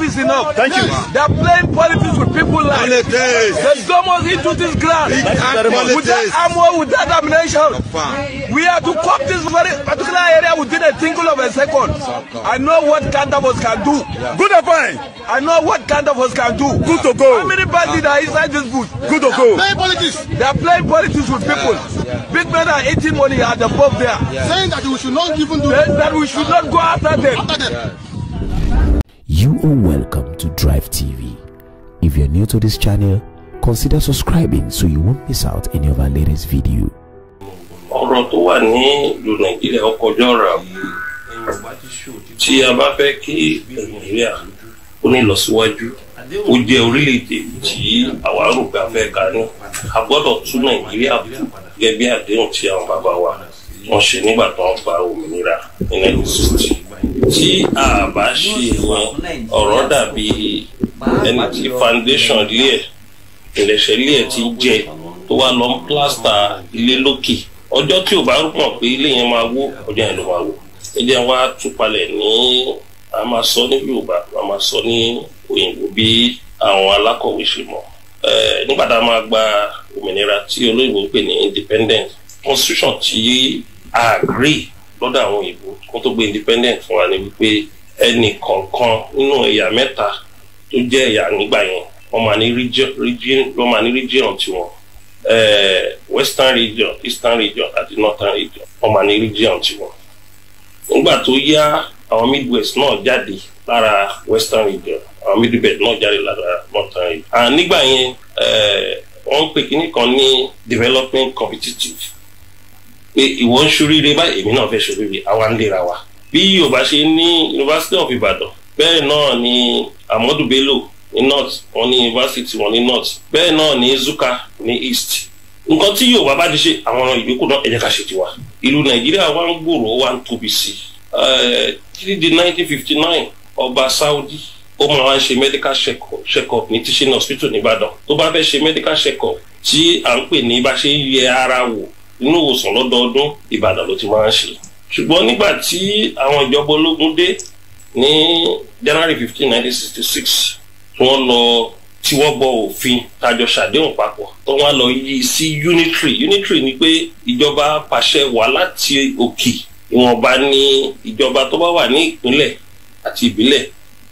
enough is enough. Thank you. They are playing politics with people's lives. Politics. They dumb us into this ground. With that armor, with that ammunition. We are to cop this very particular area within a single of a second. I know what Kandavos can do. Good and fine. I know what Kandavos can do. Good to go. How many parties are inside this booth? Good to go. Playing politics. They are playing politics with people. Big men are eating money at the pub there. Saying that we should not even do that. That we should not go after them. After them. You are welcome to Drive TV. If you're new to this channel, consider subscribing so you won't miss out any of our latest video. ọ̀rọ̀ tó wà ní ìlú Nàìjíríà ó kọjá ọ̀rọ̀ àwọn tí a bá fẹ́ kí Nàìjíríà ó ní ìlọsíwájú ó jẹ́ orílẹ̀-èdè tí àwa rògbà fẹ́ ká ní a gbọ́dọ̀ tún Nàìjíríà bù gẹ́gẹ́ bí àdéhùn tí àwọn bàbá wa wọ́n ṣe nígbà tó ń gba òmìnira ní Nàìjíríà tí a bá ṣe wọn ọ̀rọ̀ dàbí ẹni tí foundation lé ẹ̀ ìrẹsẹ̀ lé ẹ̀ ti jẹ tó wá lọ ń plásítà ilé lókè ọjọ́ tí ò bá rúpọ̀ pé ilé yẹn máa wó ọjọ́ yẹn ló máa wó ẹ jẹ́ wá túpalẹ̀ ní a máa sọ ní Yorùbá a máa sọ ní òyìnbó bí àwọn alákọ̀wé ṣe mọ̀ nígbà tá a máa gba òmìnira tí olóyìnbó ń pè ní independent constitution tí a agree lọ́dọ̀ àwọn òyìnbó kó tó gbé independent fún wa ni wípé ẹnì kọ̀ọ̀kan nínú ẹ̀yà mẹ́ta tó jẹ́ ẹ̀yà nígbà yẹn wọ́n máa ní region wọ́n máa ní region tiwọn eh, western region eastern region àti northern region wọ́n máa ní region tiwọn. nígbà tó yá àwọn midwest náà jáde lára western region àwọn midwest náà jáde lára northern region. nígbà yẹn eh, wọ́n ń pè kínní kan ní development competitive pé ìwọ ń ṣoríire báyìí èmi náà fẹ́ ṣoríire àwa ń lera wa bí yorùbá ṣe ní university of ibadan bẹ́ẹ̀ náà ni amadu bello ní north wọn ní university wọn ní north bẹ́ẹ̀ náà ní zuka ní east nǹkan tí yorùbá bá ti ṣe àwọn ìyókù náà ẹ̀jẹ̀ ká ṣe tiwa ìlú nàìjíríà wa ń gbòòrò wa ń tóbi sí i eh, títí di nineteen fifty nine ọba saudi ó máa wá ṣe medical check up ní teaching hospital nìbàdàn tó bá fẹ́ ṣe medical check up tí à ń pè ní bá ṣe ń yẹ ara wò inú ìwòsàn lọ́dọọdún Ìbàdàn ló ti máa ń ṣe ṣùgbọ́n nígbà tí àwọn ìjọba ológun dé ní January fifteen nineteen sixty six wọ́n lọ tí wọ́n gbọ́ òfin tájọ ṣàdéhùn papọ̀ tó wọ́n lọ yí sí unitary unitary ni pé ìjọba pàṣẹ wà láti òkè ìwọ̀nba ní ìjọba tó bá wà ní ìpínlẹ̀ àti ìbílẹ̀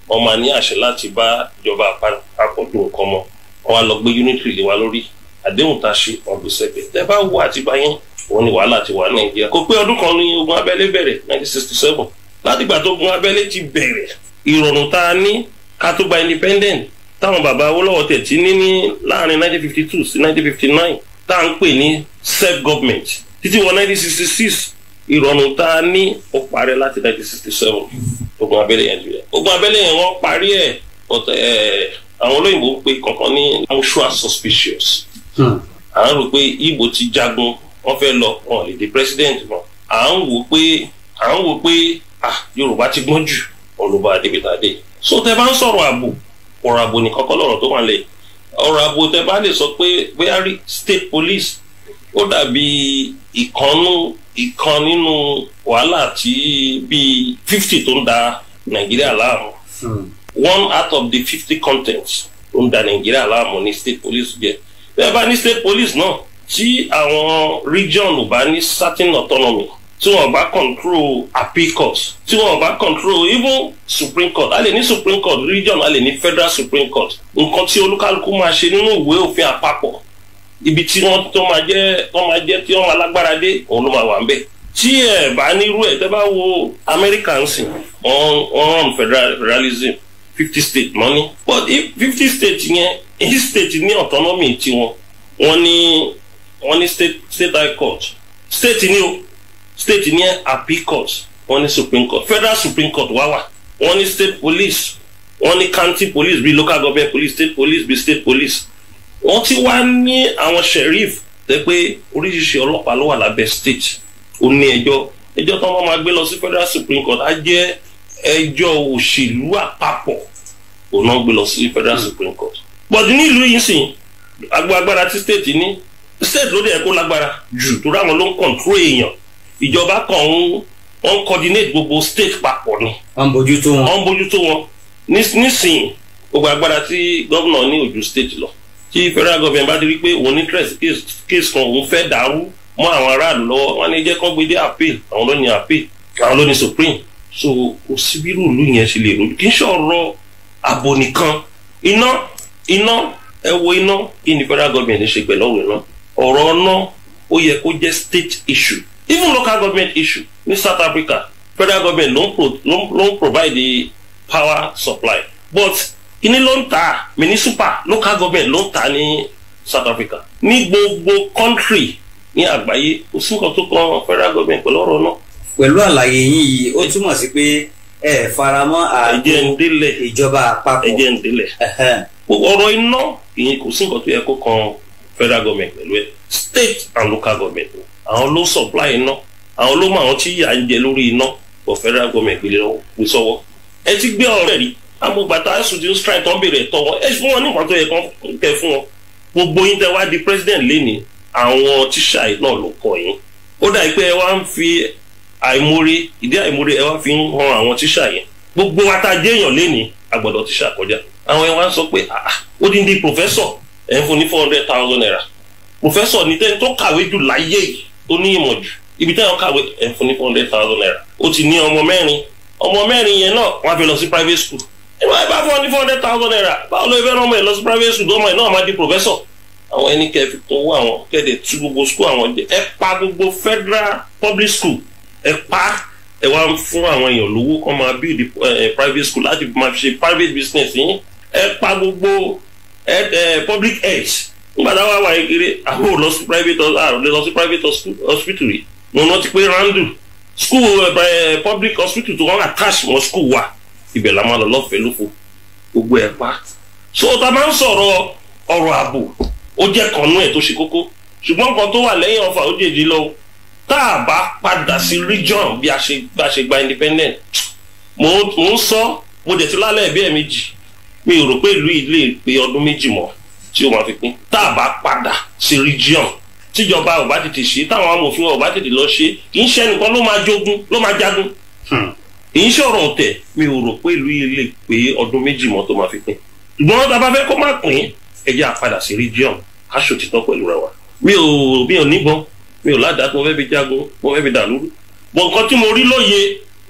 wọ́n máa ní àṣẹ láti bá ìjọba àpapọ̀ dùn nǹkan mọ́ wọ́n á lọ gbé unitary lé wa lórí àdéhùn tá a ṣe ọdún sẹ́gbẹ̀ tẹ́ bá wo àtìgbà yẹn òun ni wàhálà ti wà ní nàìjíríà kò pé ọdún kan ní ogun abẹ́lé bẹ̀rẹ̀ 1967 látìgbà tó ogun abẹ́lé ti bẹ̀rẹ̀ ìrọ̀rùn tá a ní ká tó gba independent táwọn bàbá Awólọ́wọ̀ tẹ̀ tí ní ní láàrin 1952 sí 1959 tá à ń pè ní self government títí wọ 1966 ìrọ̀rùn tá a ní ó parẹ́ láti 1967 ogun abẹ́lé yẹn jùlọ ogun abẹ́lé yẹn wọ́n parí ẹ̀ eh, àwọn olóyìnbó ń kankan ní mutual suspicious Hmm. à ń rò pé Ìgbò ti jagun wọ́n fẹ́ lọ wọn lè di president mọ́ à ń wò pé à ń wò pé ah Yorùbá ti gbọ́n jù olùbá adébítàdé so tẹ bá ń sọ̀rọ̀ ààbò ọ̀rọ̀ ààbò nìkan kọ́ lọ́rọ̀ tó wà lẹ̀ ọ̀rọ̀ ààbò tẹ bá lè sọ pé bóyá state police ó dàbí ìkànnú ìkan nínú wàhálà tí bíi fifty tó ń da Nàìjíríà láàmú hmm. one out of the fifty contents tó ń da Nàìjíríà láàmú ní state police jẹ́ bẹ́ẹ̀ bá ní state police náà tí àwọn region ò bá ní certain autonomy tí wọ́n bá control appeal court tí wọ́n bá control even supreme court a lè ní supreme court region a lè ní federal supreme court nǹkan tí olúkálùkù máa ṣe nínú ìwé òfin àpapọ̀ ibi tí wọ́n tó máa jẹ́ tó máa jẹ́ tí wọ́n máa lágbára dé òun ló máa wà ń bẹ̀ tí ẹ bá nírú ẹ tẹ́ bá wo Americans on on federalism fifty state mọ́ ní but if fifty state yẹn each state ní autonomy tiwọn wọ́n ní wọ́n ní state state high court state ní o state ní appeal court wọ́n ní supreme court federal supreme court wá wà wọ́n ní state police wọ́n ní county police bíi local government police state police bíi state police wọ́n ti wá ní àwọn sheriff tẹ́ pé oríṣiríṣi ọlọ́pàá ló wà lábẹ́ state ó ní ẹjọ́ ẹjọ́ tó wọ́n máa gbé lọ sí federal supreme court á jẹ́ ẹjọ́ òṣèlú àpapọ̀ òun náà gbé lọ sí federal supreme court bọ̀dù nílùú yìí sìn agbára tí state ní state ló dé ẹ̀kọ́ lágbára jù tó ráwọn ló ń kọ̀ntró èèyàn ìjọba kan ń wọ́n coordinate gbogbo state papọ̀ ni. wọ́n bójútó wọn. wọ́n bójútó wọn nísìnyí gbogbo agbára tí gómìnà ní ojú state lọ tí federal government bá ti rí pé òun ní case kan òun fẹ́ dàrú mọ́ àwọn aráàlú lọ́wọ́ wọ́n ní jẹ́ kó gbé dé appeal àwọn ló ní appeal àwọn ló ní supreme so kò sí bí rúùlù yẹn ṣe lè rúbi kì í ṣọ̀rọ̀ ààbò nìkan iná iná ẹ wo iná kí ni federal government ṣe pẹ̀lú ọ̀rọ̀ iná ọ̀rọ̀ iná ó yẹ kó jẹ́ state issue even local government issue ní South Africa federal government ló ń pro ló ń provide the power supply but kíní ló ń ta municipal local government ló ń ta ní South Africa ní gbogbo country ní àgbáyé kò sí nǹkan tó kan federal government pẹ̀lú ọ̀rọ̀ náà pẹ̀lú àlàyé yín yìí ó túmọ̀ sí pé ẹ faramọ́ àgbo ìjọba àpapọ̀. ẹjẹ ń délẹ̀ ọ̀rọ̀ iná ìyẹn kò sí nǹkan tó yẹ kó kan federal government pẹ̀lú ẹ̀ state and local government àwọn ló supply iná àwọn ló mọ àwọn tí yà ń jẹ lórí iná for federal government gbé sọ́wọ́ ẹ ti gbé ọ̀rọ̀ rí amúgbàtà student strike tó ń béèrè ẹ̀tọ́ wọn ẹ fún wọn ní nǹkan yẹ kán kẹ fún wọn gbogbo yín tẹ wá di president lẹ́ni àwọn tíṣà náà ló kọ yín ó dà àìmoore ìdí àìmoore ẹ wá fi ń han àwọn tíṣà yẹn gbogbo wa tá a jẹ́ èèyàn lénìí a gbọ́dọ̀ tíṣà kọjá àwọn ẹ̀ wá ń sọ pé ó dín dín pòfẹ́sọ̀ ẹ̀ ń fún ní four hundred thousand naira pòfẹ́sọ̀ ní tẹ́ni tó kàwé jù láyé yìí tó ní ìmọ̀ jù ibi tẹ́yàn kàwé ẹ̀ ń fún ní four hundred thousand naira ó ti ní ọmọ mẹ́rin ọmọ mẹ́rin yẹn náà wọ́n á fi lọ sí private school ìwà ìbá fún ọ ní four hundred thousand naira báwo ló fẹ́ rán ọmọ ẹ̀ lọ sí private school gọ́mọ̀ ẹ̀ náà máa di pòfẹ́sọ̀ àwọn ẹni kẹfì tó wọ àwọn kẹ́dẹ̀ tú gbogbo school àwọn jẹ ẹ pa gbogbo federal public school ẹ pa ẹ wá fún àwọn èèyàn lówó kọ́ máa build eh, eh, private school láti máa ṣe private business yín ẹ pa gbogbo public health nígbà táwa wà kiri àwọn ò lọ sí private àrùn lè lọ sí private hospital rí mo rántí pé randu school eh, public hospital tó wọ́n attach mọ́ school wa ibẹ̀ la máa lọ lọ́fẹ̀ẹ́ lófo gbogbo ẹ̀ so ta máa ń sọ̀rọ̀ ọ̀rọ̀ ààbò ó jẹ́ kànú ẹ̀ tó ṣe kókó ṣùgbọ́n kan tó wà lẹ́yìn ọfà ó jèjì lọ́wọ́ tá a bá padà sí region bí a ṣe gba independent mò ń sọ mo dẹ̀ ti lálẹ́ ẹ̀bí ẹ̀ méjì mi ò rò pé ìlú yìí lè pé ọdún méjì mọ́ tí ó máa fi pín tá a bá padà sí region tíjọba ò bá tètè ṣe táwọn amòfin ò bá tètè lọ ṣe kì í ṣe ẹnìkan ló máa jogun ló máa jagun hmm. kì í ṣọ̀rọ̀ ọ̀tẹ̀ mi ò rò pé ìlú yìí lè pé ọdún méjì mọ́ tó máa fi pín ṣùgbọ́n tá a bá fẹ́ kó má pín ẹ jẹ́ àpadà sí region ká ṣòtítọ́ pẹ̀lú rẹ mi ò mi ò níbọn mi ò ládàá tí mo fẹ́ fi jágo mo fẹ́ fi dàlúrú bọ̀ nǹkan tí mo rí lóye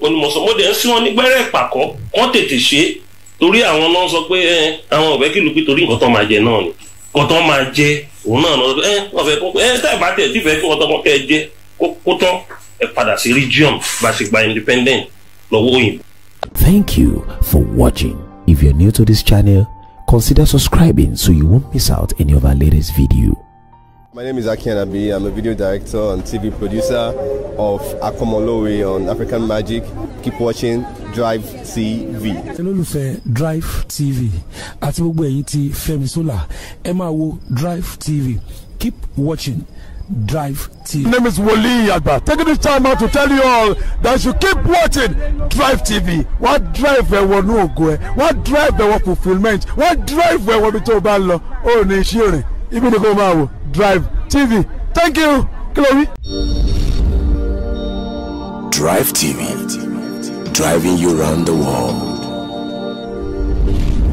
onímọ̀sán mo dẹ̀ ń sí wọn ní gbẹ́rẹ́ pàkọ́ wọ́n tètè ṣe torí àwọn náà sọ pé àwọn ọ̀bẹ kìlù pé torí nǹkan tó máa jẹ náà ni nǹkan tó máa jẹ òun náà lọ ẹ ọ̀fẹ́ ẹ táì bá tẹ̀ tí fẹ́ kí wọ́n tọ́ kẹ́ ẹ jẹ kó tán ẹ padà sí region bá ṣe gba independent lọ́wọ́ òyìnbó. Thank you for watching. If you're new to this channel, consider subscribing so you won't miss out any of our latest videos. My name is Aki Anabi. I'm a video director and TV producer of Akomolowe on African Magic. Keep watching Drive TV. olólùfẹ́ Drive TV àti gbogbo ẹ̀yin ti Fẹ́mi Sola ẹ máa wo Drive TV. Keep watching Drive TV. My name is Wole Agba. Taking this time out to tell you all that you keep watching Drive TV. Wọ́n drive ẹ̀wọ̀n ní ògo ẹ̀, wọ́n drive ẹ̀wọ̀n fulfilment, wọ́n drive ẹ̀wọ̀n ní tó o bá lọ, ó ní iṣẹ́ òrìn, ibi ni kò máa wò drive tv thank you Chloe. drive tv driving you round the world.